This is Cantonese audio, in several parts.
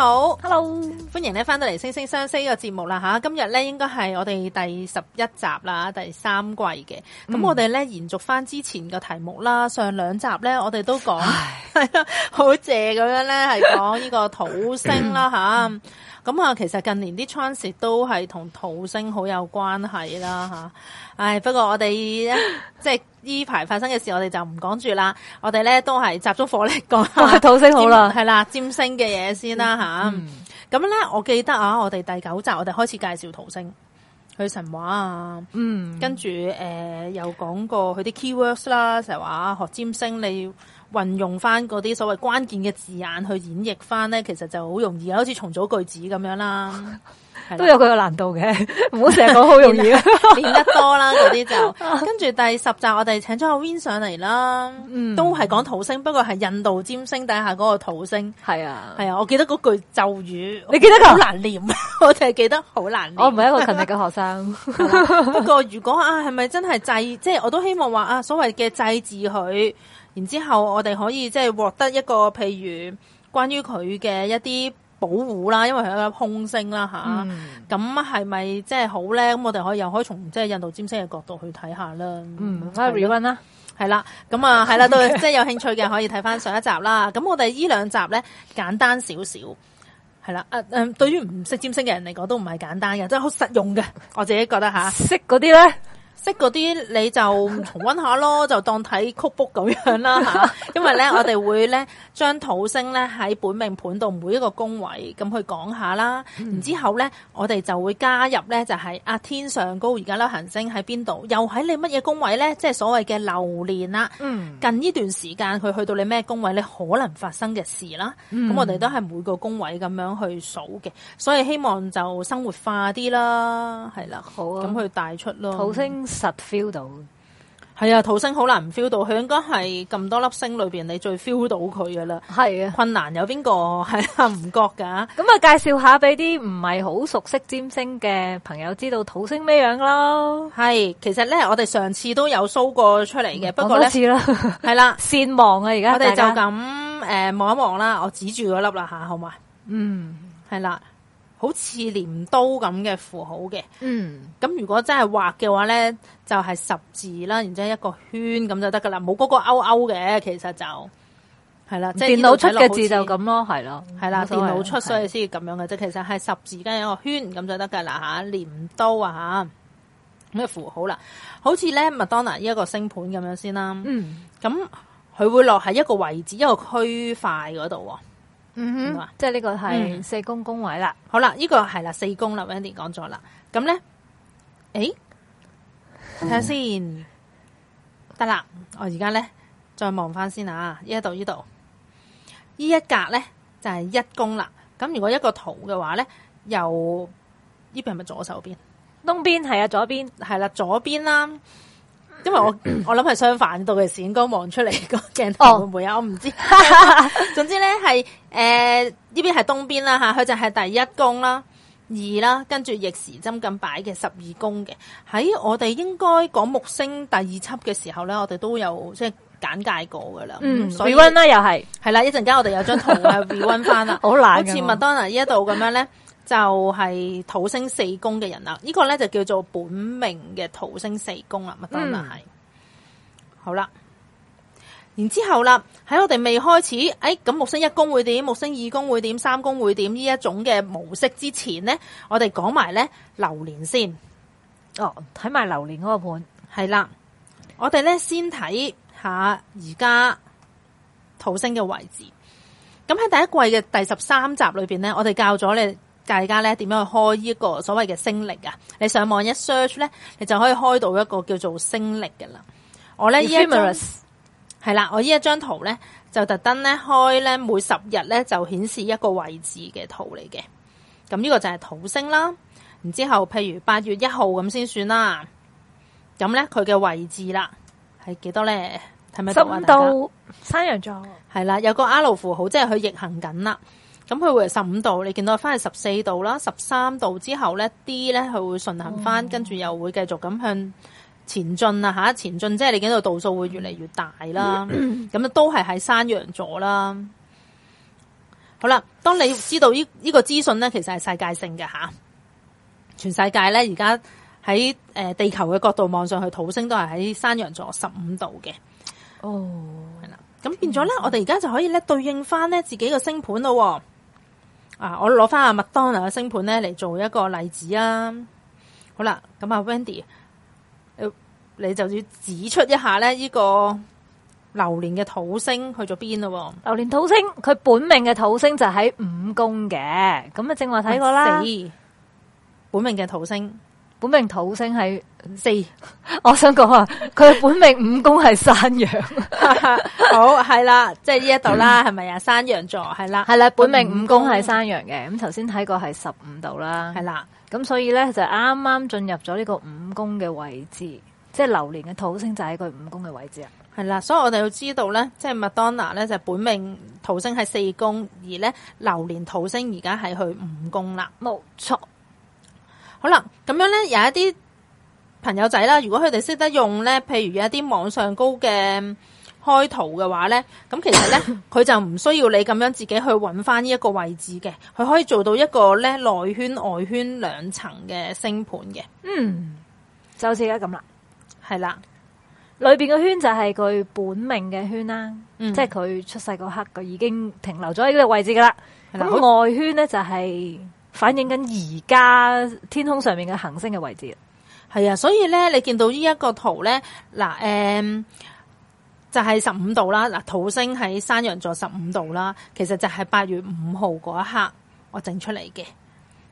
好，hello，歡迎咧翻到嚟《星聲相析》呢個節目啦，吓，今日咧應該係我哋第十一集啦，第三季嘅。咁、嗯、我哋咧延續翻之前嘅題目啦，上兩集咧我哋都講係啦，唉 好謝咁樣咧係講呢個土星啦，吓、嗯。啊咁啊，其實近年啲 transit 都係同土星好有關係啦，吓！ 唉，不過我哋即係呢排發生嘅事我們就不說了，我哋就唔講住啦。我哋咧都係集中火力講土星好了啦，係啦，占星嘅嘢先啦，吓、嗯。咁、嗯、咧，我記得啊，我哋第九集我哋開始介紹土星，去神話啊，嗯，跟住誒，有、呃、講過佢啲 keywords 啦，成日話學占星你要運用翻嗰啲所謂關鍵嘅字眼去演繹翻咧，其實就好容易啊，好似重組句子咁樣啦，都有佢嘅難度嘅，唔好成日講好容易，練 練得多啦嗰啲就。跟住第十集我哋請咗個 Win 上嚟啦。嗯、都係講土星，不過係印度占星底下嗰個土星，係啊，係啊，我記得嗰句咒語，你記得佢好難念， 我淨係記得好難念。我唔係一個勤力嘅學生 不過如果啊，係咪真係制？即係我都希望話啊，所謂嘅制止佢。然之後我哋可以即係獲得一個譬如關於佢嘅一啲保護啦，因為佢有空星啦吓，咁係咪即係好咧？咁我哋可以又可以從即係印度占星嘅角度去睇下啦。嗯，阿 Raymond 啦，係啦，咁啊係啦，都即係 有興趣嘅可以睇翻上一集啦。咁我哋呢兩集咧簡單少少，係啦，誒、啊、誒、呃，對於唔識占星嘅人嚟講都唔係簡單嘅，即係好實用嘅，我自己覺得吓。啊、識嗰啲咧。識嗰啲你就重溫下咯， 就當睇曲譜咁樣啦嚇。 因為咧，我哋會咧將土星咧喺本命盤度每一個宮位咁去講下啦。嗯、然之後咧，我哋就會加入咧就係啊天上高而家咧行星喺邊度，又喺你乜嘢宮位咧？即係所謂嘅流年啦。嗯。近呢段時間佢去到你咩宮位咧，你可能發生嘅事啦。嗯。咁我哋都係每個宮位咁樣去數嘅，所以希望就生活化啲啦，係啦。好、啊。咁去帶出咯。土星。實 feel 到，係啊，土星好難唔 feel 到，佢應該係咁多粒星裏邊你最 feel 到佢噶啦，係啊的，困難有邊個係唔覺噶？咁啊，咪介紹下俾啲唔係好熟悉占星嘅朋友知道土星咩樣咯。係，其實咧我哋上次都有 show 過出嚟嘅，不過呢次咧係啦，線望啊，而家我哋就咁誒望一望啦，我指住嗰粒啦吓，好嘛？嗯，係啦。好似鐮刀咁嘅符號嘅，嗯，咁如果真係畫嘅話咧，就係十字啦，然之後一個圈咁就得噶啦，冇嗰個勾勾嘅，其實就係啦，即係電腦出嘅字就咁咯，係咯，係啦，電腦出所以先咁樣嘅啫，其實係十字加一個圈咁就得噶啦吓，鐮刀啊吓，咩符號啦？好似咧麥當娜呢一個星盤咁樣先啦，嗯，咁佢會落喺一個位置一個區塊嗰度。嗯，即係呢個係四宮宮位啦。好啦，呢、這個係啦四宮啦，Wendy 講咗啦。咁咧，誒、欸，睇下先，得啦。我而家咧再望翻先啊。呢一度呢度，呢一格咧就係、是、一宮啦。咁如果一個圖嘅話咧，由呢邊係咪左手邊？東邊係啊，左邊係、啊啊、啦，左邊啦。因為我 我諗係相反的，到嘅閃光望出嚟個鏡頭會唔會、哦、我唔知。 總之咧係誒呢邊係、呃、東邊啦吓，佢就係第一宮啦、二啦，跟住逆時針咁擺嘅十二宮嘅。喺我哋應該講木星第二輯嘅時候咧，我哋都有即係簡介過噶啦。嗯，重溫啦又係係 啦，一陣間我哋有張圖係重溫翻啦，好似麥當娜呢一度咁樣咧就係土星四宮嘅人啦，呢、這個咧就叫做本命嘅土星四宮啦，乜當然係。好啦，然之後啦，喺我哋未開始，誒咁木星一宮會點，木星二宮會點，三宮會點呢一種嘅模式之前呢，我哋講埋咧流年先。哦，睇埋流年嗰個盤係啦，我哋咧先睇下而家土星嘅位置。咁喺第一季嘅第十三集裏邊咧，我哋教咗你。大家咧點樣去開呢一個所謂嘅星曆啊？你上網一 search 咧，你就可以開到一個叫做星曆嘅啦。我咧依一張係啦，我呢一張圖咧就特登咧開咧每十日咧就顯示一個位置嘅圖嚟嘅。咁呢個就係土星啦。然之後，譬如八月一號咁先算啦。咁咧佢嘅位置啦係幾多咧？係咪到山羊座係啦，有個阿盧符號，即係佢逆行緊啦。咁佢會係十五度，你見到翻係十四度啦，十三度之後咧，D 咧佢會順行翻，跟住、oh. 又會繼續咁向前進啊，吓前進，即係你見到度數會越嚟越大啦。咁、oh. 都係喺山羊座啦。好啦，當你知道呢個個資訊咧，其實係世界性嘅吓，全世界咧而家喺誒地球嘅角度望上去，土星都係喺山羊座十五度嘅。哦，係啦，咁變咗咧，我哋而家就可以咧對應翻咧自己個星盤咯。啊！我攞翻阿麥當娜嘅星盤咧嚟做一個例子啊！好啦，咁啊，Wendy，你，你就要指出一下咧，呢個流年嘅土星去咗邊咯？流年土星佢本命嘅土星就喺五宮嘅，咁啊正話睇過啦，本命嘅土星。本命土星係四，四 我想講啊，佢本命五宮係山羊，好係啦，即係呢一度啦，係咪啊？山羊座係啦，係啦，本命五宮係山羊嘅，咁頭先睇過係十五度啦，係啦了，咁所以咧就啱啱進入咗呢個五宮嘅位置，即係流年嘅土星就喺佢五宮嘅位置啊，係啦，所以我哋要知道咧，即係麥當娜咧就係本命土星係四宮，而咧流年土星而家係去五宮啦，冇錯。好啦，咁樣咧有一啲朋友仔啦，如果佢哋識得用咧，譬如，有一啲網上高嘅開圖嘅話咧，咁其實咧佢 就唔需要，你咁樣自己去揾翻呢一個位置嘅，佢可以做到一個咧內圈外圈兩層嘅星盤嘅。嗯，就好似而家咁啦，係啦，裏邊嘅圈就係佢本命嘅圈啦，嗯、即係佢出世嗰刻佢已經停留咗喺呢個位置噶啦。咁、嗯、外圈咧就係、是。反映緊而家天空上面嘅行星嘅位置，係啊，所以咧你見到呢一個圖咧，嗱、嗯、誒，就係十五度啦，嗱，土星喺山羊座十五度啦，其實就係八月五號嗰一刻我整出嚟嘅。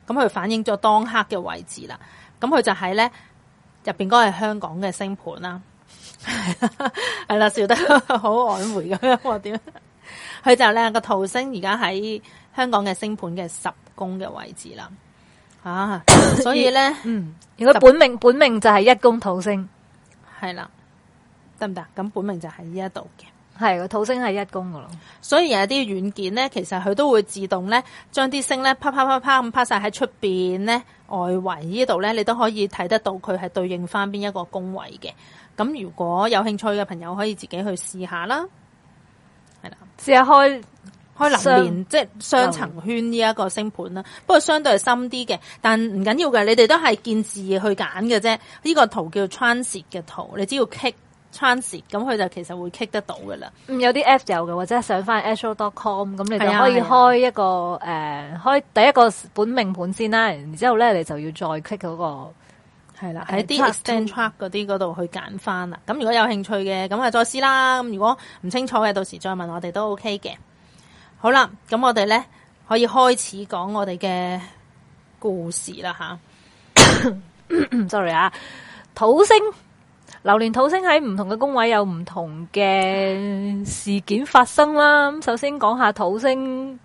咁佢反映咗當刻嘅位置啦，咁佢就喺咧入邊嗰個係香港嘅星盤啦，係啦，笑得好曖昧咁樣，我點？佢就咧個土星而家喺香港嘅星盤嘅十。宮嘅位置啦，啊，所以咧，嗯，就如果本命就本命就係一宮土星，係啦，得唔得？咁本命就喺呢一度嘅，係個土星係一宮噶咯。所以有啲軟件咧，其實佢都會自動咧，將啲星咧啪啪啪啪咁拍晒喺出邊咧外圍這裏呢度咧，你都可以睇得到佢係對應翻邊一個宮位嘅。咁如果有興趣嘅朋友，可以自己去試下啦。係啦，試下開。開雙連即係、就是、雙層圈呢一個星盤啦，嗯、不過相對係深啲嘅，但唔緊要嘅，你哋都係見字去揀嘅啫。呢、這個圖叫 Transit 嘅圖，你只要 click Transit，咁佢就其實會 click 得到嘅啦。有啲 app 有嘅，或者上返 actual.com 咁你就可以開一個誒、啊啊呃，開第一個本命盤先啦。然之後呢，你就要再 click 嗰個係啦，喺啲、啊、extend track 嗰啲嗰度去揀返啦。咁如果有興趣嘅，咁啊再試啦。咁如果唔清楚嘅，到時再問我哋都 OK 嘅。好啦，咁我哋咧可以開始講我哋嘅故事啦，吓、啊。 sorry 啊，土星，流年土星喺唔同嘅宮位有唔同嘅事件發生啦。咁首先講下土星，誒、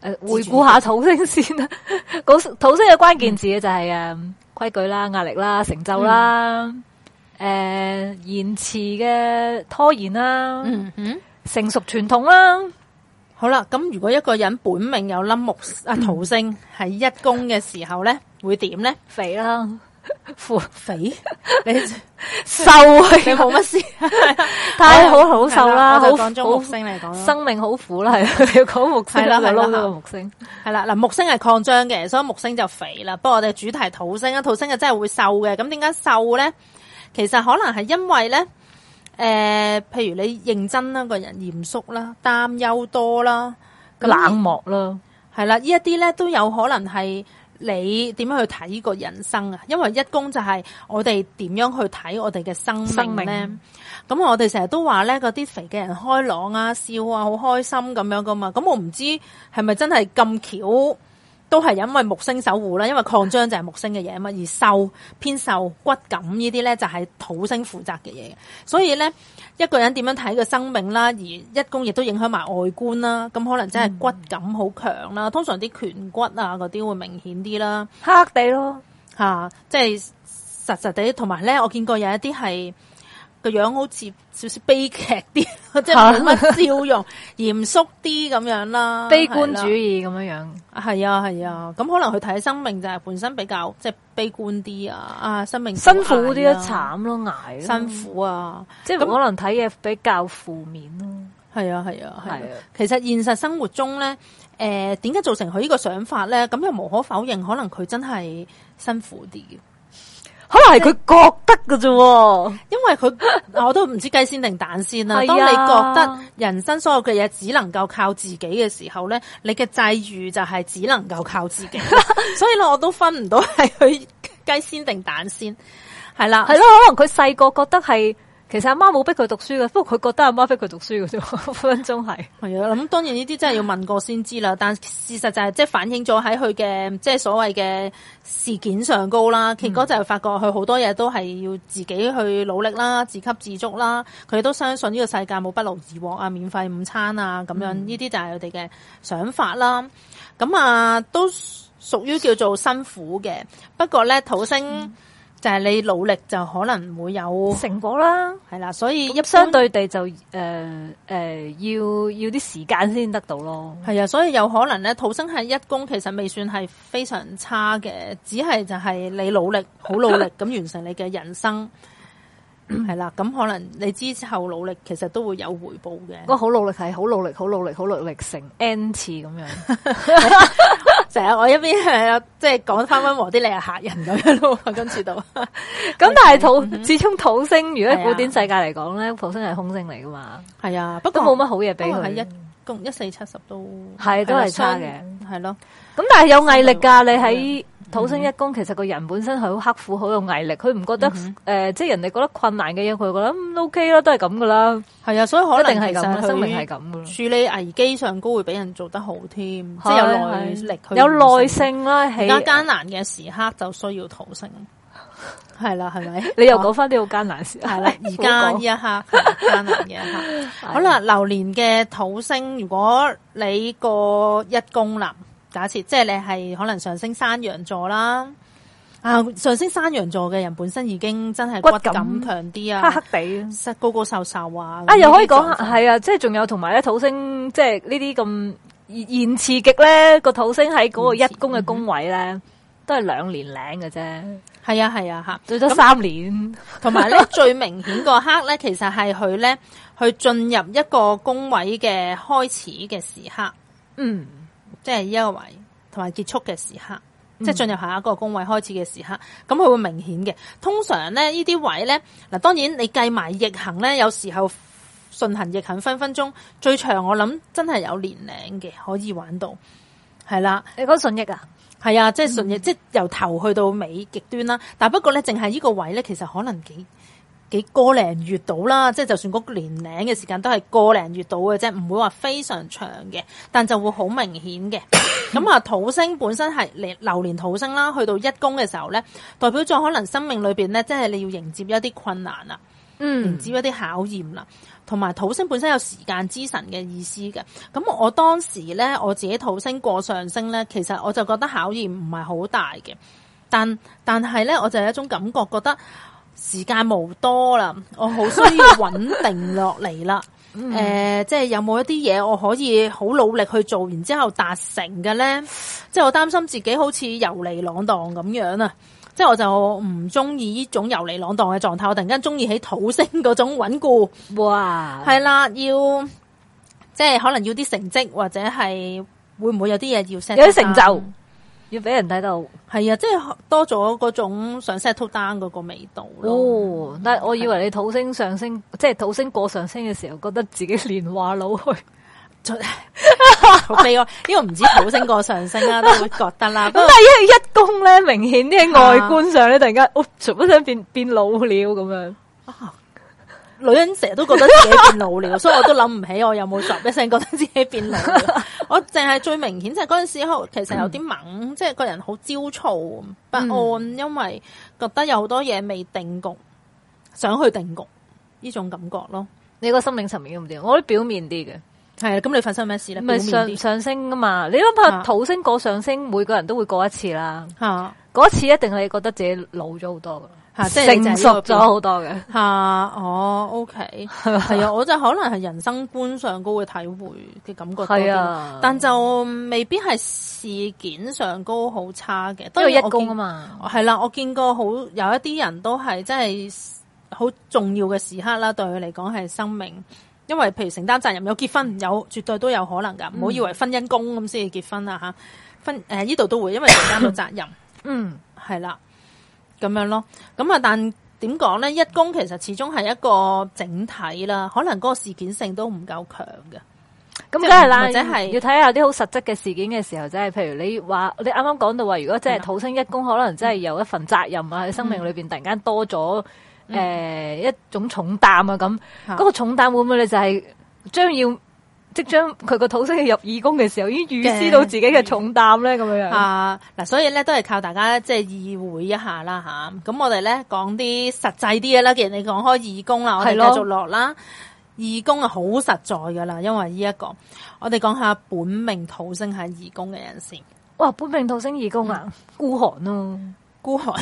呃、回顧下土星先啦。 土星嘅關鍵字就係誒規矩啦、壓力啦、成就啦、誒、嗯呃、延遲嘅拖延啦、嗯哼成熟傳統啦。好啦，咁如果一個人本命有粒木啊土星係一宮嘅時候咧，會點咧？肥啦，肥，你瘦係冇乜事，太好好瘦啦，就講木星嚟講啦，生命好苦啦，係你要講木星啦，係啦，木星係啦，嗱木星係擴張嘅，所以木星就肥啦。不過我哋主題土星啊，土星就真係會瘦嘅。咁點解瘦咧？其實可能係因為咧。誒、呃，譬如你認真啦，個人嚴肅啦，擔憂多啦，冷漠啦，係啦，呢一啲咧都有可能係你點樣去睇個人生啊？因為一宮就係我哋點樣去睇我哋嘅生命咧。咁命我哋成日都話咧，嗰啲肥嘅人開朗啊，笑啊，好開心咁樣噶嘛。咁我唔知係咪真係咁巧。都係因為木星守護啦，因為擴張就係木星嘅嘢啊嘛，而瘦偏瘦骨感呢啲咧，就係土星負責嘅嘢，所以咧一個人點樣睇個生命啦，而一宮亦都影響埋外觀啦，咁可能真係骨感好強啦，通常啲顴骨啊嗰啲會明顯啲啦，黑地咯吓、啊，即係實實地，同埋咧我見過有一啲係。個樣好似少少悲劇啲，即係冇乜笑容，嚴肅啲咁樣啦，悲觀主義咁樣樣。係啊，係啊，咁、啊、可能佢睇生命就係本身比較即係、就是、悲觀啲啊，啊，生命、啊、辛苦啲啊，慘咯，挨辛苦啊，即係可能睇嘢比較負面咯。係啊，係啊，係啊。啊啊啊其實現實生活中咧，誒、呃，點解造成佢呢個想法咧？咁又無可否認，可能佢真係辛苦啲嘅。可能係佢覺得嘅啫，因為佢 我都唔知雞先定蛋先啦。啊、當你覺得人生所有嘅嘢只能夠靠自己嘅時候咧，你嘅際遇就係只能夠靠自己。 所以咧，我都分唔到係佢雞先定蛋先。係啦了，係咯是，可能佢細個覺得係。其實阿媽冇逼佢讀書嘅，不過佢覺得阿媽逼佢讀書嘅啫。分分鐘係係啊，咁當然呢啲真係要問過先知啦。但事實就係即係反映咗喺佢嘅即係所謂嘅事件上高啦。結果就係發覺佢好多嘢都係要自己去努力啦，自給自足啦。佢都相信呢個世界冇不勞而獲啊、免費午餐啊咁樣。呢啲、嗯、就係佢哋嘅想法啦。咁啊，都屬於叫做辛苦嘅。不過咧，土星。嗯就係你努力就可能會有成果啦，係啦，所以一相對地就誒誒、嗯呃、呃、要要啲時間先得到咯。係啊，所以有可能咧，土星係一宮，其實未算係非常差嘅，只係就係你努力，好努力咁 完成你嘅人生，係啦。咁 可能你之後努力，其實都會有回報嘅。我好努力係，好努力，好努力，好努，努力，成 n 次咁樣。 我一邊係即係講翻溫和啲，你係吓人咁樣咯，今次到。咁但係土，自從土星，如果喺古典世界嚟講咧，土星係空星嚟噶嘛？係啊，不過冇乜好嘢俾佢。係一共一四七十都係都係差嘅，係咯。咁但係有毅力噶，你喺。土星一宮其實個人本身係好刻苦好有毅力，佢唔覺得誒，即係人哋覺得困難嘅嘢，佢覺得 O K 啦，都係咁噶啦。係啊，所以可能係咁生命係咁。處理危機上高會俾人做得好添，即係有耐力，有耐性啦。而家艱難嘅時刻就需要土星，係啦，係咪？你又講翻啲好艱難事，係啦。而家呢一下艱難嘅一下，好啦，流年嘅土星，如果你過一宮啦。假設即係你係可能上升山羊座啦，啊上升山羊座嘅人本身已經真係骨感強啲啊，黑黑地，高高瘦瘦啊，啊又可以講係啊，即係仲有同埋咧土星，即係呢啲咁現刺極咧個土星喺嗰個一宮嘅宮位咧，嗯、都係兩年領嘅啫，係啊係啊吓，最多三年。同埋咧最明顯個刻咧，其實係佢咧去進入一個宮位嘅開始嘅時刻，嗯。即係呢一個位，同埋結束嘅時刻，嗯、即係進入下一個宮位開始嘅時刻，咁佢會明顯嘅。通常咧呢啲位咧，嗱當然你計埋逆行咧，有時候順行逆行分分鐘最長，我諗真係有年零嘅可以玩到，係啦。你講順逆啊？係啊，即係順逆，嗯、即係由頭去到尾極端啦。但不過咧，淨係呢個位咧，其實可能幾。幾個零月到啦，即係就算個年零嘅時間都係個零月到嘅啫，唔會話非常長嘅，但就會好明顯嘅。咁啊， 土星本身係流年土星啦，去到一宮嘅時候咧，代表咗可能生命裏邊咧，即係你要迎接一啲困難啦，嗯、迎接一啲考驗啦，同埋土星本身有時間之神嘅意思嘅。咁我當時咧，我自己土星過上升咧，其實我就覺得考驗唔係好大嘅，但但係咧，我就有一種感覺，覺得。時間冇多啦，我好需要穩定落嚟啦。誒、 呃，即係有冇一啲嘢，我可以好努力去做，然之後達成嘅咧？即係我擔心自己好似游離浪蕩咁樣啊！即係我就唔中意呢種游離浪蕩嘅狀態，我突然間中意起土星嗰種穩固。哇，係啦，要即係可能要啲成績，或者係會唔會有啲嘢要有啲成就。要俾人睇到，係啊，即係多咗嗰種想 settle down 嗰個味道咯。哦、但係我以為你土星上升，的即係土星過上升嘅時候，覺得自己年華老去，好悲哀。因為唔止土星過上升啦、啊， 都會覺得啦。 過但係因為一公咧，明顯啲喺外觀上咧，的突然間，哦，全部想變變老了咁樣。啊。女人成日都覺得自己變老了， 所以我都諗唔起我有冇咁一聲覺得自己變老。 我淨係最明顯，即係嗰陣時候，其實有啲懵，即係個人好焦躁、不安，嗯、因為覺得有好多嘢未定局，想去定局呢種感覺咯。你個心靈層面點？我啲表面啲嘅，係啊。咁你發生咩事咧？咪上上升噶嘛？你諗下土星過上升，啊、每個人都會過一次啦。嗰一、啊、次一定係覺得自己老咗好多噶。啊、即是是成熟咗好多嘅吓、啊，哦，OK，係啊吧，我就可能係人生觀上高嘅體會嘅感覺多啲、啊、但就未必係事件上高好差嘅，都有一功啊嘛。係啦，我見過好有一啲人都係真係好重要嘅時刻啦，對佢嚟講係生命，因為譬如承擔責任，有結婚、嗯、有絕對都有可能噶，唔好以為婚姻公咁先至結婚啦吓，婚誒呢度都會，因為承擔到責任， 嗯，係啦。咁樣咯，咁啊，但點講咧？一宮其實始終係一個整體啦，可能嗰個事件性都唔夠強嘅。咁梗係啦，或者係要睇下啲好實質嘅事件嘅時候，即係譬如你話，你啱啱講到話，如果即係土星一宮，嗯、可能真係有一份責任啊，喺生命裏邊突然間多咗誒、嗯呃、一種重擔啊，咁嗰個重擔會唔會你就係將要？即將佢個土星入二宮嘅時候，已經預知到自己嘅重擔咧，咁樣啊！嗱，所以咧都係靠大家即係意會一下啦，吓、啊、咁我哋咧講啲實際啲嘅啦。既然你講開二宮啦，我哋繼續落啦。二宮啊，好實在噶啦，因為呢、這個、一個我哋講下本命土星係二宮嘅人先。哇，本命土星二宮啊，孤寒咯、啊嗯，孤寒，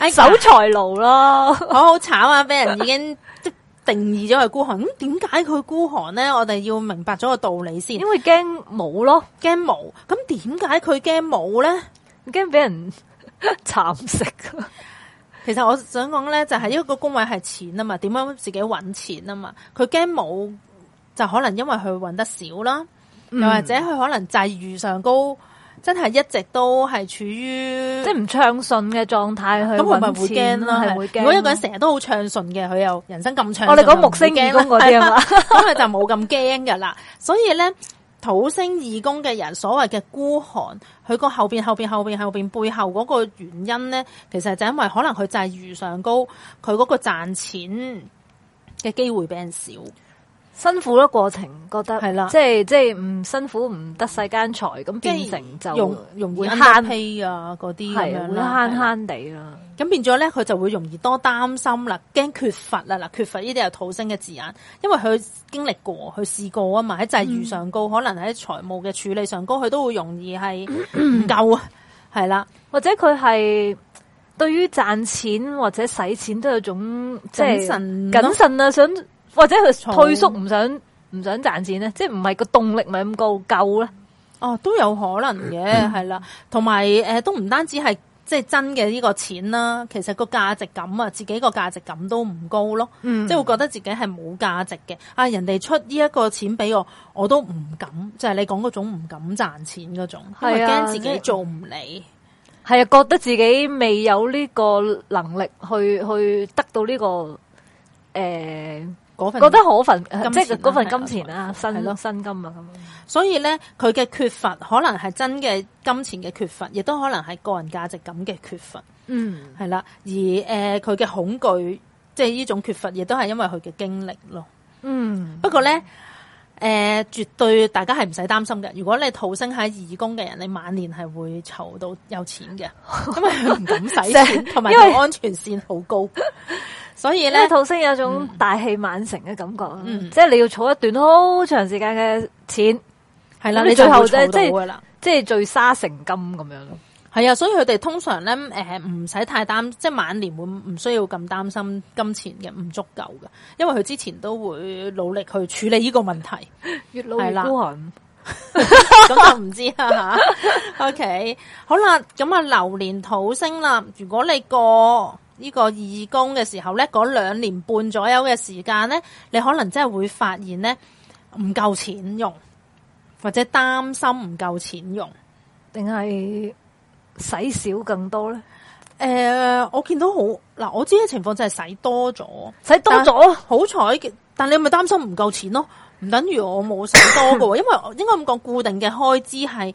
守財奴咯， 好好慘啊！俾人已經。 定義咗係孤寒，咁點解佢孤寒咧？我哋要明白咗個道理先。因為驚冇咯，驚冇。咁點解佢驚冇咧？驚俾人慘食。其實我想講咧，就係、是、一個宮位係錢啊嘛，點樣自己搵錢啊嘛。佢驚冇，就可能因為佢搵得少啦，又、嗯、或者佢可能際遇上高。真係一直都係處於即係唔暢順嘅狀態去搵錢，係會驚。如果一個人成日都好暢順嘅，佢又人生咁暢順，唔驚、哦。係啊，咁咪就冇咁驚噶啦。所以咧，土星二宮嘅人所謂嘅孤寒，佢個後邊、後邊、後邊、後邊背後嗰個原因咧，其實就因為可能佢就係遇上高，佢嗰個賺錢嘅機會比人少。辛苦嘅過程覺得係啦的，即係即係唔辛苦唔得世間財，咁變成就容易慳氣啊，嗰啲係啦，慳慳地啦。咁變咗咧，佢就會容易多擔心啦，驚缺乏啦，嗱、啊、缺乏呢啲係土星嘅字眼，因為佢經歷過，佢試過啊嘛，喺際遇上高，嗯、可能喺財務嘅處理上高，佢都會容易係唔夠啊，係啦，或者佢係對於賺錢或者使錢都有種即係謹慎，慎啊，想。或者佢退縮，唔想唔想賺錢咧，即係唔係個動力咪咁高夠咧？哦、啊，都有可能嘅，係啦、嗯。同埋誒，都唔單止係即係真嘅呢個錢啦，其實個價值感啊，自己個價值感都唔高咯。嗯、即係會覺得自己係冇價值嘅。啊，人哋出呢一個錢俾我，我都唔敢，就係、是、你講嗰種唔敢賺錢嗰種，係啊的，驚自己做唔嚟，係啊，覺得自己未有呢個能力去去得到呢、這個誒。呃份覺得嗰份即係嗰份金錢啦、啊，薪薪金啊咁。所以咧，佢嘅缺乏可能係真嘅金錢嘅缺乏，亦都可能係個人價值感嘅缺乏。嗯，係啦。而誒，佢、呃、嘅恐懼，即係呢種缺乏，亦都係因為佢嘅經歷咯。嗯。不過咧，誒、呃，絕對大家係唔使擔心嘅。如果你土星喺二宮嘅人，你晚年係會儲到有錢嘅， 因為佢唔敢使錢，同埋佢安全線好高。 所以咧，土星有一種大器晚成嘅感覺，嗯、即係你要儲一段好長時間嘅錢，係啦、嗯，你最後即係即係聚沙成金咁樣咯。係啊，所以佢哋通常咧，誒唔使太擔，即係晚年會唔需要咁擔心金錢嘅唔足夠噶，因為佢之前都會努力去處理呢個問題，越老越孤寒了。咁就唔知啦吓。OK，好啦，咁啊流年土星啦，如果你過。呢個義工嘅時候呢，嗰兩年半左右嘅時間呢，你可能真係會發現呢，唔夠錢用，或者擔心唔夠錢用，定係使少更多呢？誒、呃，我見到好嗱，我知嘅情況真係使多咗，使多咗，但好彩嘅。但你咪擔心唔夠錢咯？唔等於我冇使多嘅， 因為應該咁講，固定嘅開支係。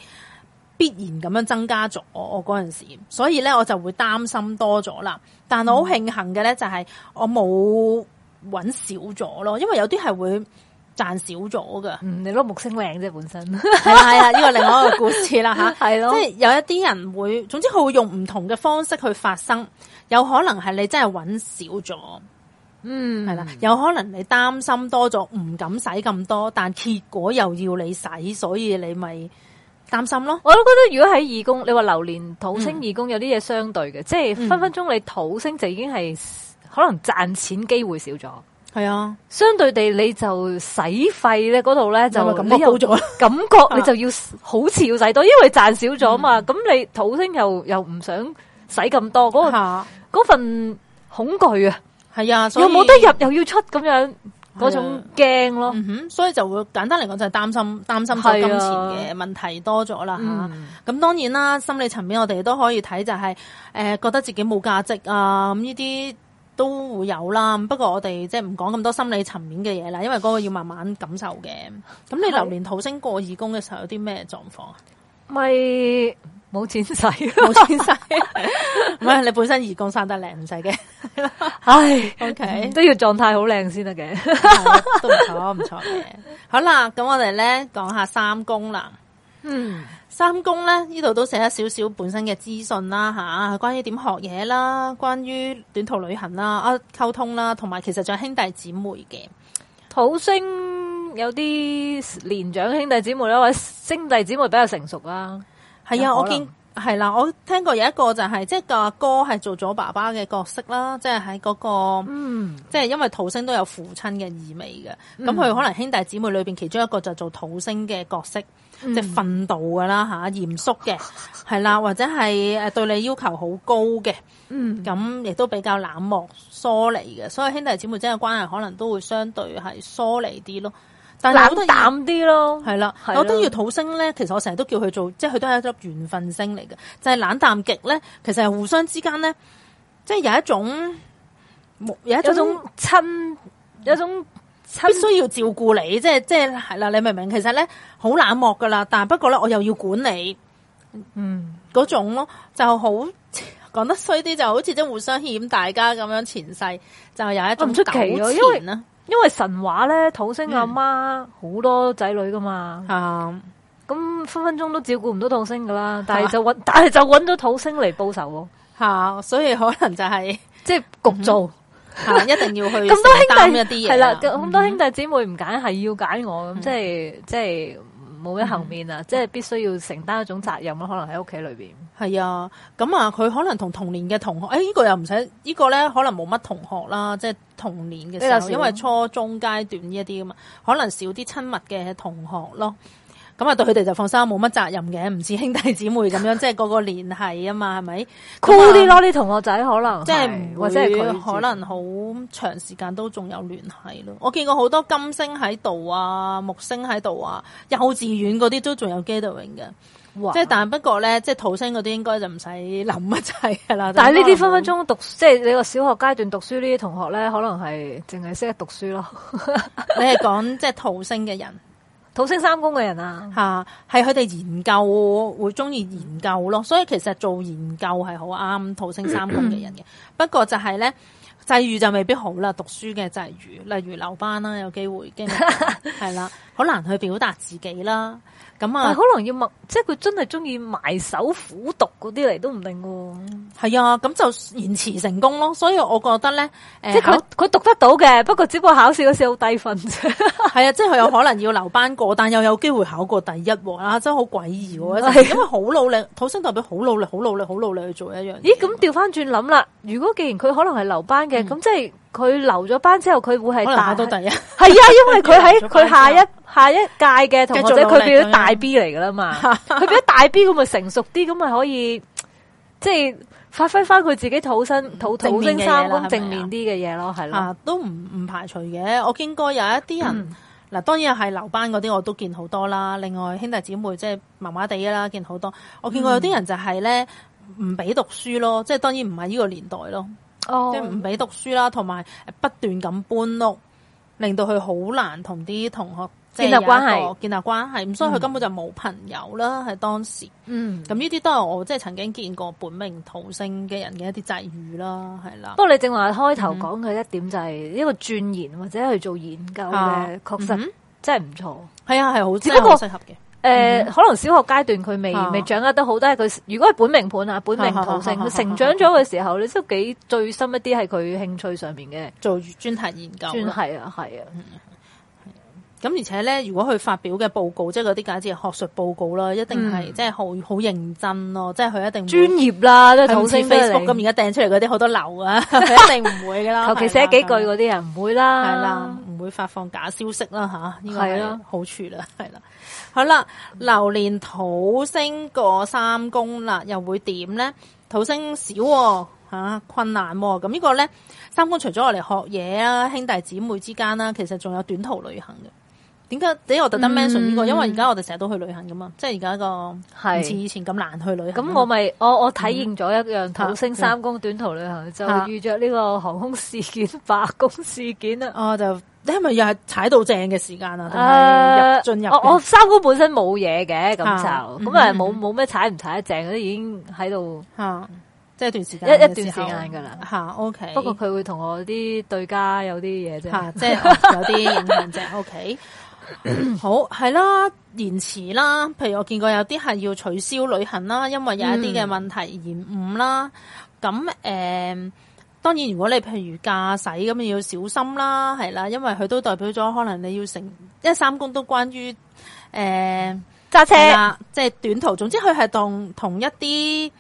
必然咁樣增加咗，我嗰陣時，所以咧我就會擔心多咗啦。但係我好慶幸嘅咧，就係我冇搵少咗咯，因為有啲係會賺少咗噶、嗯。你攞木星靚啫，本身係啊係啊，呢 個另外一個故事啦吓，係咯 的，即係有一啲人會，總之佢會用唔同嘅方式去發生，有可能係你真係搵少咗，嗯係啦，有可能你擔心多咗，唔敢使咁多，但結果又要你使，所以你咪。擔心咯，我都覺得如果喺二宮，你話流年土星二宮有啲嘢，相對嘅，嗯、即係分分鐘你土星就已經係可能賺錢機會少咗，係啊，相對地你就使費咧嗰度，咧就冇咗，感覺你就要 是的 好似要使多，因為賺少咗啊嘛，咁、嗯、你土星又又唔想使咁多，嗰個嗰份恐懼啊，係啊，又冇得入又要出咁樣？嗰種驚咯、嗯，所以就會簡單嚟講就係擔心，擔心咗金錢嘅問題多咗啦。咁當然啦，心理層面我哋都可以睇就係、是、誒、呃、覺得自己冇價值啊，咁呢啲都會有啦。不過我哋即係唔講咁多心理層面嘅嘢啦，因為嗰個要慢慢感受嘅。咁你流年土星過二宮嘅時候有啲咩狀況啊？咪的。冇錢使 是，冇錢使。唔係你本身二宮生得靚，唔使驚。唉，O K 都要狀態好靚先得嘅，都唔錯唔錯嘅。好啦，咁我哋咧講下三宮啦。嗯，三宮咧呢度都寫咗少少本身嘅資訊啦，吓、啊、關於點學嘢啦，關於短途旅行啦，啊溝通啦，同埋其實仲有兄弟姊妹嘅土星有啲年長兄弟姊妹啦，或者兄弟姊妹比較成熟啦。係啊，是我見係啦，我聽過有一個就係、是，即、就、個、是、哥係做咗爸爸嘅角色啦，即係喺嗰個，即係、嗯、因為土星都有父親嘅意味嘅，咁佢、嗯、可能兄弟姐妹裏邊其中一個就是做土星嘅角色，嗯、即係奮鬥噶啦吓，嚴肅嘅，係啦，或者係誒對你要求好高嘅，咁亦、嗯、都比較冷漠疏離嘅，所以兄弟姐妹之間嘅關係可能都會相對係疏離啲咯。但係冷淡啲咯，係啦了，是的 我都要土星咧。其實我成日都叫佢做，即係佢都係一粒緣分星嚟嘅，就係、是、冷淡極咧。其實係互相之間咧，即係有一種，有一種有一種親，有一種必須要照顧你，即係即係係啦。你明唔明？其實咧好冷漠噶啦，但係不過咧我又要管你，嗯，嗰種咯就好講得衰啲，就好似即係互相欠大家咁樣前世就有一種出奇因為神話咧，土星阿媽好多仔女噶嘛，咁、嗯、分分鐘都照顧唔、啊、到土星噶啦，但係就搵，但係就搵到土星嚟報仇喎，吓，所以可能就係、是、即係焗造吓， 一定要去咁多兄弟一啲嘢啦，咁多兄弟姊妹唔揀係要揀我咁、嗯，即係即係。冇喺後面啊，嗯、即係必須要承擔一種責任咯。可能喺屋企裏邊，係啊，咁啊，佢可能同童年嘅同學，誒、欸，依、呢個又唔使，呢、呢個咧可能冇乜同學啦。即、就、係、係、童年嘅時候，因為初中階段呢一啲啊嘛，可能少啲親密嘅同學咯。咁啊，對佢哋就放心，冇乜責任嘅，唔似兄弟姊妹咁樣， 即係個個聯繫啊嘛，係咪？cool 啲咯，啲樣 同學仔可能即係，或者係佢可能好長時間都仲有聯繫咯。我見過好多金星喺度啊，木星喺度啊，幼稚園嗰啲都仲有 gathering 嘅，即係但係不過咧，即係土星嗰啲應該就唔使諗一齊噶啦。但係呢啲分分鐘讀，即係你個小學階段讀書呢啲同學咧，可能係淨係識得讀書咯。 你係講即係土星嘅人。土星三宮嘅人啊，係係佢哋研究會中意研究咯，所以其實做研究係好啱土星三宮嘅人嘅。咳咳不過就係咧，際遇就未必好啦。讀書嘅際遇，例如留班啦，有機會，係 啦，好難去表達自己啦。咁啊，可能要默，即係佢真係中意埋首苦讀嗰啲嚟都唔定。係啊，咁就延遲成功咯。所以我覺得咧，呃、即係佢佢讀得到嘅，不過只不過考試嗰時好低分啫。係啊，即係佢有可能要留班過， 但又有機會考過第一啊！真係好詭異喎，因為好努力，土星代表好努力，好努力，好努力去做一樣。咦？咁調翻轉諗啦，如果既然佢可能係留班嘅，咁即係。佢留咗班之後，佢會係打到第一，係啊，因為佢喺佢下一下一屆嘅同學仔，佢變咗大 B 嚟噶啦嘛，佢變咗大 B，咁咪成熟啲，咁咪可以即係發揮翻佢自己土星土土星三豐正面啲嘅嘢咯，係啦，都唔唔排除嘅。我見過有一啲人，嗱，當然係留班嗰啲，我都見好多啦。另外兄弟姊妹即係麻麻地啦，見好多。我見過有啲人就係咧唔俾讀書咯，即係當然唔係呢個年代咯。Oh. 即係唔俾讀書啦，同埋不斷咁搬屋，令到佢好難同啲同學建立關係，建立關係，咁、嗯、所以佢根本就冇朋友啦。喺當時，嗯，咁呢啲都係我即係曾經見過本命土星嘅人嘅一啲際遇啦，係啦。不過你正話開頭講嘅一點就係呢個鑽研或者去做研究嘅、嗯，確實真係唔錯。係啊，係、嗯、好，嗯、適只適合嘅。誒，可能小學階段佢未未掌握得好，但係佢如果係本命盤啊，本命土星成長咗嘅時候，你都幾最深一啲係佢興趣上面嘅做專題研究。係啊係啊，咁而且咧，如果佢發表嘅報告，即係嗰啲假設學術報告啦，一定係即係好好認真咯，即係佢一定專業啦，都 facebook 咁，而家掟出嚟嗰啲好多流啊，一定唔會噶啦，求其寫幾句嗰啲人唔會啦，係啦。不會發放假消息啦吓，呢、啊，這個係好處啦，係啦、啊，好啦，流年土星過三宮啦，又會點咧？土星少吓、啊啊，困難咁、啊、呢個咧，三宮除咗我哋學嘢啊，兄弟姊妹之間啦、啊，其實仲有短途旅行嘅。點解？點我特登 mention 呢個？因為而家我哋成日都去旅行噶嘛，嗯、即係而家個係好似以前咁難去旅行。咁我咪我我體驗咗一樣土星三宮短途旅行，嗯嗯、就遇着呢個航空事件罷、啊、工事件呢，我就。你係咪又係踩到正嘅時間啊？入進入嘅，我三姑本身冇嘢嘅，咁就咁啊，冇冇咩踩唔踩得正，嗰啲已經喺度、啊，即係一段時間，一段時間噶啦。吓，OK。不過佢會同我啲對家有啲嘢啫，即係有啲唔正。 OK。好係啦，延遲啦，譬如我見過有啲係要取消旅行啦，因為有一啲嘅問題延誤啦。咁誒、嗯。那嗯當然，如果你譬如駕駛咁，你要小心啦，係啦，因為佢都代表咗可能你要成，因為三宮都關於誒揸車，即係、就是、短途。總之，佢係當同一啲誒、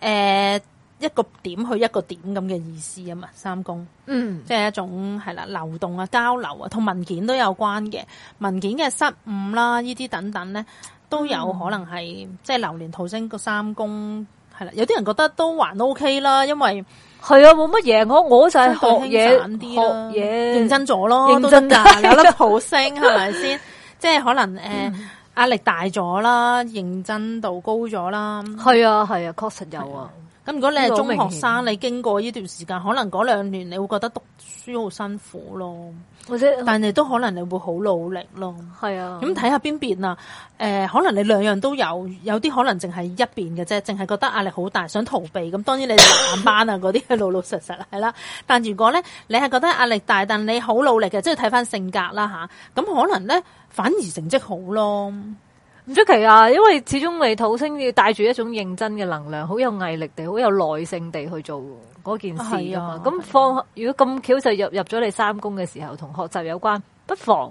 呃、一個點去一個點咁嘅意思啊嘛。三宮，嗯，即係一種係啦，流動啊，交流啊，同文件都有關嘅，文件嘅失誤啦，呢啲等等咧，都有可能係、嗯、即係流年土星個三宮，係啦。有啲人覺得都還 OK 啦，因為。係啊，冇乜嘢，我我就係學嘢，學嘢習、啊、認真咗咯，認真了啊，有粒土星係咪先？即係、 啊就是、可能誒，壓、呃、 力大咗啦，認真度高咗啦。係啊，係啊，確實有啊。咁如果你係中學生，你經過呢段時間，可能嗰兩年你會覺得讀書好辛苦咯，或者但係都可能你會好努力咯。係啊，咁睇下邊邊啊，誒、呃，可能你兩樣都有，有啲可能淨係一邊嘅啫，淨係覺得壓力好大，想逃避。咁當然你哋男班啊嗰啲係老老實實係啦。但如果咧，你係覺得壓力大，但你好努力嘅，即係睇翻性格啦吓。咁、啊、可能咧，反而成績好咯。唔出奇啊，因為始終你土星要帶住一種認真嘅能量，好有毅力地、好有耐性地去做嗰件事嘛。咁、啊啊啊啊、放，如果咁巧就入入咗你三宮嘅時候，同學習有關，不妨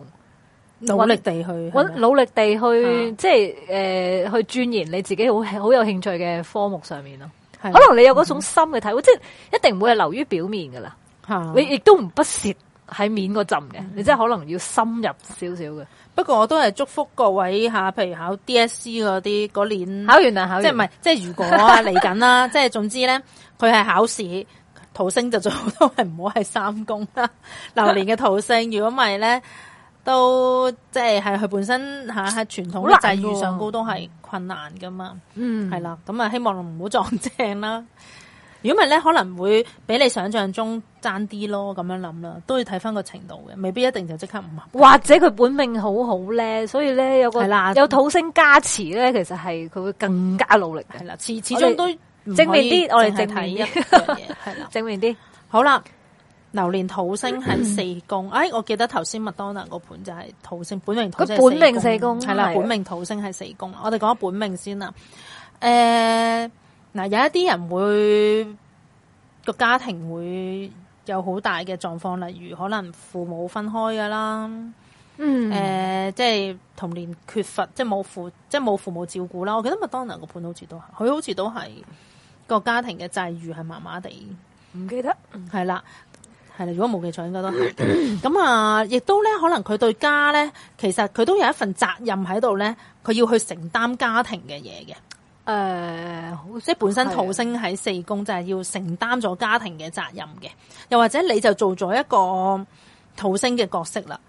努力地去，努力地去，即係誒、呃、去鑽研你自己好好有興趣嘅科目上面咯。的可能你有嗰種深嘅體會，嗯、哼 即係一定唔會係流於表面噶啦。啊、你亦都唔不屑。喺面個浸嘅，你真係可能要深入少少嘅。嗯、不過我都係祝福各位吓，譬如考 DSE 嗰啲嗰年考完，考完、啊、啦， 即考即係唔係，即係如果嚟緊啦，即係總之咧，佢係考試土星就最好都係唔好係三宮啦。流年嘅土星，如果唔係咧，都即係係佢本身吓傳、啊、統就遇上高都係困難噶嘛嗯。嗯，係啦，咁啊希望唔好撞正啦。如果唔係咧，可能會比你想象中爭啲咯，咁樣諗啦，都要睇翻個程度嘅，未必一定就即刻唔合。或者佢本命好好咧，所以咧有個啦有土星加持咧，其實係佢會更加努力的。係啦，始始終我們 都不正面啲，我哋睇一樣嘢。係啦，正面啲。好啦，流年土星係四宮。 哎，我記得頭先麥當娜個盤就係土星本命土星係四宮。係啦，啦本命土星係四宮。我哋講本命先啦，誒、呃。嗱，有一啲人會個家庭會有好大嘅狀況，例如可能父母分開㗎啦，嗯，呃、即係童年缺乏，即係冇父，即係冇父母照顧啦。我記得麥當娜個盤好似都係，佢好似都係個家庭嘅際遇係麻麻地，唔記得，係啦，係啦。如果冇記錯，應該都係。咁啊，亦 都咧，可能佢對家咧，其實佢都有一份責任喺度咧，佢要去承擔家庭嘅嘢嘅。誒、呃，即係本身土星喺四宮，就係要承擔咗家庭嘅責任嘅，又或者你就做咗一個土星嘅角色啦，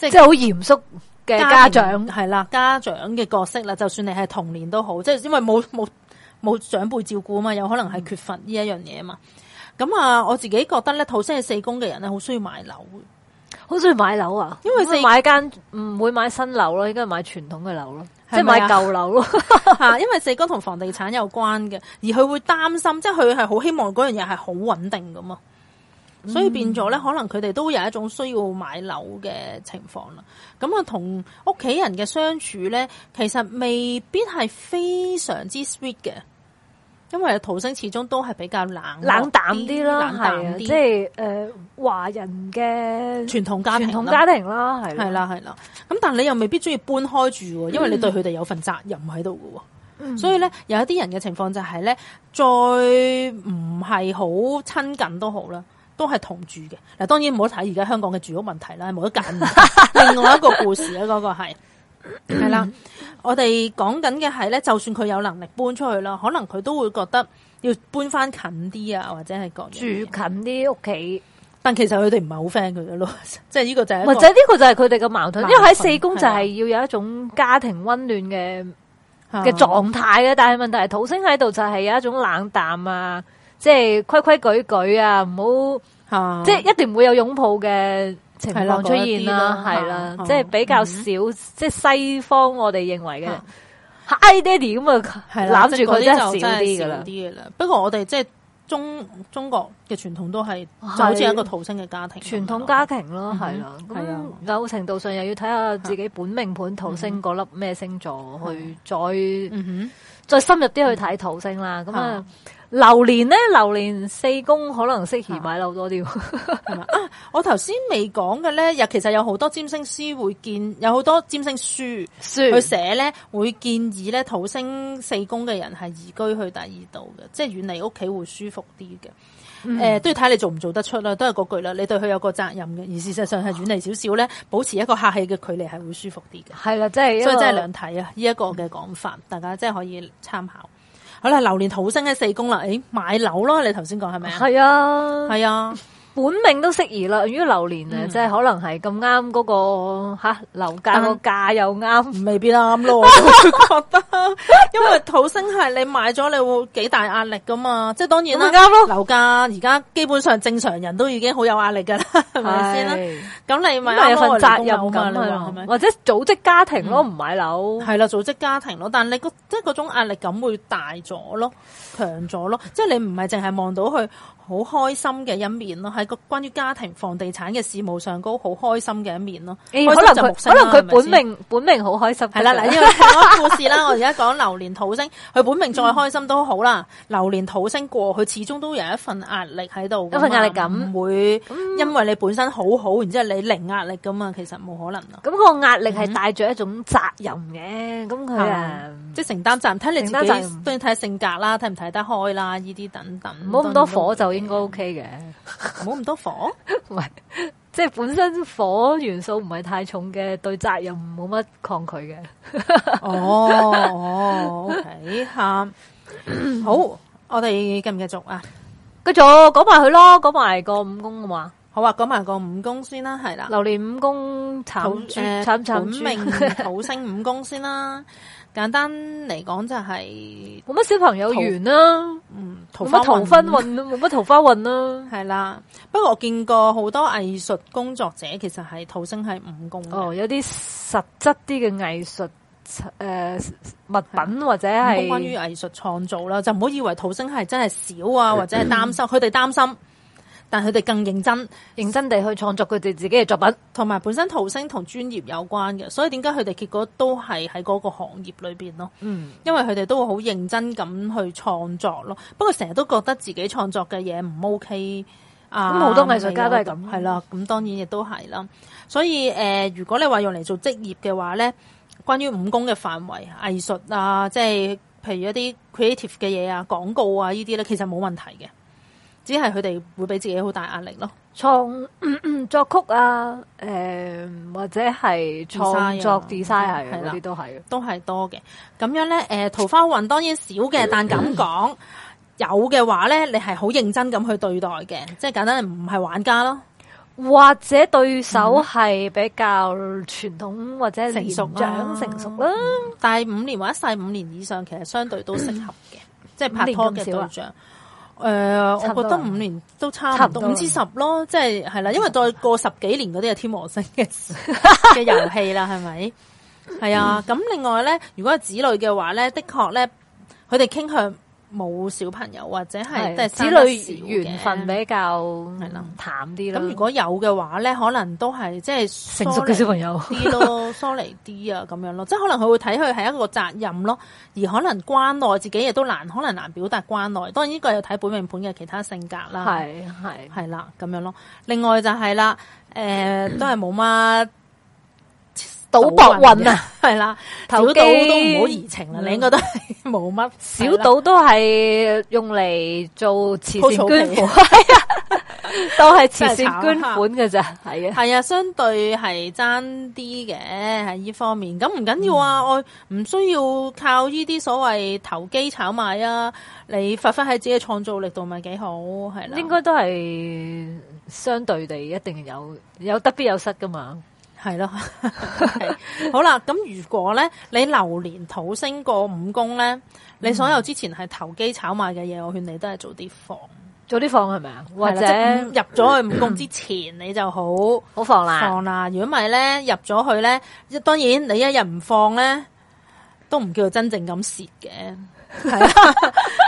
即係好嚴肅嘅家長係啦，家長嘅角色啦，就算你係童年都好，即係因為冇冇冇長輩照顧啊嘛，有可能係缺乏呢一樣嘢啊嘛，咁、嗯、啊，我自己覺得咧，土星喺四宮嘅人咧，好需要買樓。好中意買樓啊！因為買間唔會買新樓咯，應該買傳統嘅樓咯，即係買舊樓咯。 因為四哥同房地產有關嘅，而佢會擔心，即係佢係好希望嗰樣嘢係好穩定㗎嘛。嗯、所以變咗咧，可能佢哋都有一種需要買樓嘅情況啦。咁啊，同屋企人嘅相處咧，其實未必係非常之 sweet 嘅。因為土星始終都係比較冷啲冷淡啲咯，係啊，即係誒華人嘅傳統家庭啦，係啦係啦，咁但係你又未必中意搬開住，因為你對佢哋有份責任喺度嘅，嗯、所以咧有一啲人嘅情況就係、是、咧，再唔係好親近都好啦，都係同住嘅。嗱，當然唔好睇而家香港嘅住屋問題啦，冇得揀。另外一個故事啊，嗰 個係。係啦， 我哋講緊嘅係咧，就算佢有能力搬出去啦，可能佢都會覺得要搬翻近啲啊，或者係住近啲屋企。但其實佢哋唔係好 friend 佢嘅咯，即係呢個就係，或者呢個就係佢哋嘅矛盾。矛盾，因為喺四宮就係要有一種家庭溫暖嘅嘅狀態嘅，但係問題係土星喺度就係有一種冷淡啊，即係規規矩矩啊，唔好的即係一定唔會有擁抱嘅。情況出現啦，係啦，即係比較少，即係西方我哋認為嘅，Hi Daddy 咁啊，攬住佢一啲就少啲嘅啦。不過我哋即係中中國嘅傳統都係，就好似一個土星嘅家庭，傳統家庭咯，係啦，咁某程度上又要睇下自己本命盤土星嗰粒咩星座去再再深入啲去睇土星啦，咁啊。流年咧，流年四宮可能適宜買樓多啲，啊。 啊，我頭先未講嘅咧，又其實有好多占星師會建，有好多占星書書去寫咧，會建議咧土星四宮嘅人係移居去第二度嘅，即係遠離屋企會舒服啲嘅。誒、嗯呃，都要睇你做唔做得出啦，都係嗰句啦，你對佢有個責任嘅，而事實上係遠離少少咧，啊、保持一個客氣嘅距離係會舒服啲嘅。係啦，即係，所以真係兩睇啊！呢、這、一個嘅講法，嗯、大家真係可以參考。好啦，流年土星嘅四宮啦，誒、哎，買樓咯，你頭先講係咪？係啊，係啊。本命都適宜啦，如果流年啊，即係可能係咁啱嗰個吓樓價個價又啱，未必啱咯。我覺得，因為土星係你買咗，你會幾大壓力噶嘛？即係當然啦，啱咯。樓價而家基本上正常人都已經好有壓力噶啦，係咪先啦？咁你咪有份責任感噶，你話係咪？或者組織家庭咯，唔買樓係啦，組織家庭咯。但係個即係嗰種壓力感會大咗咯，強咗咯。即係你唔係淨係望到佢。好開心嘅一面咯，喺個關於家庭、房地產嘅事務上高好開心嘅一面咯。可能佢可能佢本命本命好開心係啦，嗱呢個講個故事啦。我而家講流年土星，佢本命再開心都好啦。流年土星過，佢始終都有一份壓力喺度，一份壓力感唔會。咁因為你本身好好，然之後你零壓力噶嘛，其實冇可能啊。咁個壓力係帶住一種責任嘅，咁佢啊，即係承擔責任。睇你自己，都要睇下性格啦，睇唔睇得開啦，呢啲等等。冇咁多火就。應該 OK 嘅，冇咁多火，唔係即係本身火元素唔係太重嘅，對責任冇乜抗拒嘅。哦哦，OK 哈，好，我哋繼唔繼續啊？繼續講埋佢咯，講埋個五宮啊嘛。好啊，講埋個五宮先啦，係啦，流年五宮慘誒，慘慘本命土星五宮先啦。簡單嚟講就係冇乜小朋友緣啦，嗯，冇乜桃花運，冇乜桃花運啦，係啦。不過我見過好多藝術工作者，其實係土星係五宮嘅。哦，有啲實質啲嘅藝術誒物品，啊，或者係關於藝術創造啦，就唔好以為土星係真係少啊，或者係擔心，佢哋擔心。但佢哋更認真，認真地去創作佢哋自己嘅作品，同埋本身土星同專業有關嘅，所以點解佢哋結果都係喺嗰個行業裏邊咯？嗯，因為佢哋都會好認真咁去創作咯。不過成日都覺得自己創作嘅嘢唔 OK 啊，咁好、嗯、多藝術家都係咁，係啦、嗯。咁當然亦都係啦。所以誒、呃，如果你用話用嚟做職業嘅話咧，關於五宮嘅範圍，藝術啊，即係譬如一啲 creative 嘅嘢啊，廣告啊呢啲咧，其實冇問題嘅。只係佢哋會俾自己好大壓力咯，創、嗯嗯、作曲啊，誒、呃、或者係創作 design 啊，係啦，呢啲都係都係多嘅。咁樣咧，誒、呃、桃花運當然少嘅，但咁講、嗯、有嘅話咧，你係好認真咁去對待嘅，即係簡單唔係玩家咯，或者對手係比較傳統、嗯、或者長成熟啦、啊，成熟啦、啊嗯，但係五年或者細五年以上，其實相對都適合嘅，嗯、即係拍拖嘅對象。誒，呃、我覺得五年都差唔多五至十咯，即係係啦，因為再過十幾年嗰啲係天王星嘅嘅遊戲啦，係咪？係啊，咁另外咧，如果係子女嘅話咧，的確咧，佢哋傾向。冇小朋友或者係子女緣分比較係咯淡啲咯，咁的、嗯、如果有嘅話咧，可能都係即係成熟嘅小朋友啲咯疏離啲啊咁樣咯，即 係可能佢會睇佢係一個責任咯，而可能關愛自己亦都難，可能難表達關愛。當然呢個又睇本命盤嘅其他性格啦，係係係啦咁樣咯。另外就係、是、啦，誒、呃嗯、都係冇乜。賭博運啊，係、啊、啦，投機都唔好怡情啦。嗯、你應該都係冇乜，小賭都係用嚟做慈善捐款啦，係啊 呀， 都係慈善捐款嘅咋，係啊，係啊，相對係爭啲嘅喺呢方面。咁唔緊要啊，嗯、我唔需要靠呢啲所謂投機炒賣啊，你發揮喺自己嘅創造力度咪幾好係啦。應該都係相對地，一定有有得必有失噶嘛。係咯， 是的 好啦，咁如果咧你流年土星過五宮咧，你所有之前係投機炒賣嘅嘢，我勸你都係早啲放，早啲放係咪啊？ 的或者入咗去五宮之前， 你就好好放啦，放啦。如果唔係咧，入咗去咧，當然你一日唔放咧，都唔叫做真正咁蝕嘅。係、 啊、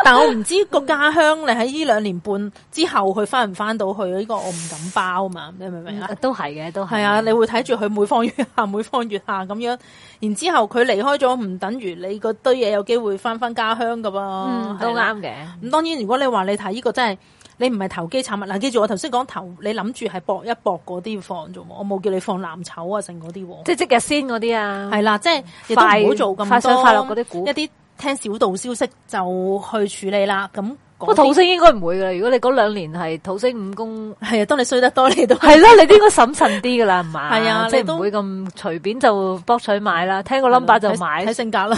但我唔知個家鄉你喺呢兩年半之後佢翻唔翻到去？呢、這個我唔敢包嘛，你明唔明啊？都係嘅，都係啊！你會睇住佢每況愈下每況愈下咁樣，然之後佢離開咗，唔等於你個堆嘢有機會翻翻家鄉噶噃？嗯啊、都啱嘅。咁、嗯、當然，如果你話你睇呢、這個真係，你唔係投機產物嗱、啊。記住我，我頭先講投，你諗住係搏一搏嗰啲放喎，我冇叫你放藍籌啊，剩嗰啲，即係即日先嗰啲啊，係啦，即係亦都唔好做咁快上快落嗰啲股，一啲。聽小道消息就去處理啦，咁。不過土星應該唔會噶，如果你嗰兩年係土星五宮，係啊，當你衰得多，你都係啦，你都應該審慎啲噶啦，係嘛。係啊，你唔會咁隨便就博取買啦，聽個 number 就買，睇性格啦。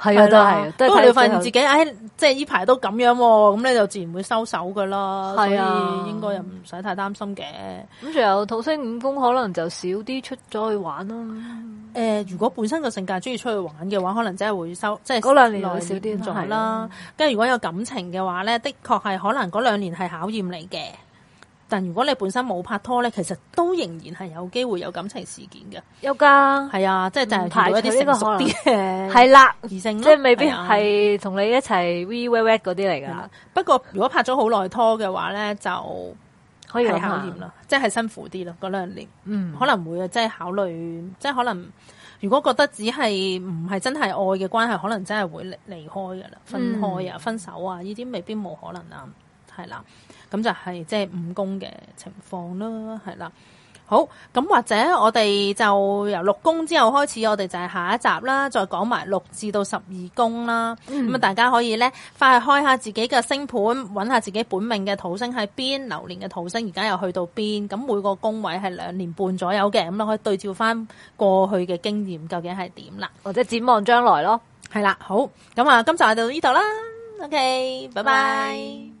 係啊，都係。不過你發現自己唉，即係呢排都咁樣，咁你就自然會收手噶啦，所以應該又唔使太擔心嘅。咁隨後土星五宮可能就少啲出咗去玩囉。誒、呃，如果本身個性格中意出去玩嘅話，可能真係會收，即係嗰兩年耐少啲係啦。跟住如果有感情嘅話咧，的確係可能嗰兩年係考驗你嘅。但如果你本身冇拍拖咧，其實都仍然係有機會有感情事件嘅。有噶的，係啊，即係就係、是、排到啲成熟啲嘅係啦，異性未必係同你一齊 we we we 嗰啲嚟噶。不過如果拍咗好耐拖嘅話咧，就。可以考驗啦，即係辛苦啲咯，嗰兩年，嗯，可能會啊，即係考慮，即係可能，如果覺得只係唔係真係愛嘅關係，可能真係會離開噶啦，分開啊，分手啊，呢啲未必冇可能啊，係啦，咁就係即係五宮嘅情況咯，係啦。好，咁或者我哋就由六宮之後開始，我哋就係下一集啦，再講埋六至到十二宮啦。咁啊、嗯，大家可以咧快去開下自己嘅星盤，揾下自己本命嘅土星喺邊，流年嘅土星而家又去到邊，咁每個宮位係兩年半左右嘅，咁你可以對照翻過去嘅經驗究竟係點啦，或者展望將來咯。係啦，好，咁啊，今集就到呢度啦。OK，拜拜。Bye bye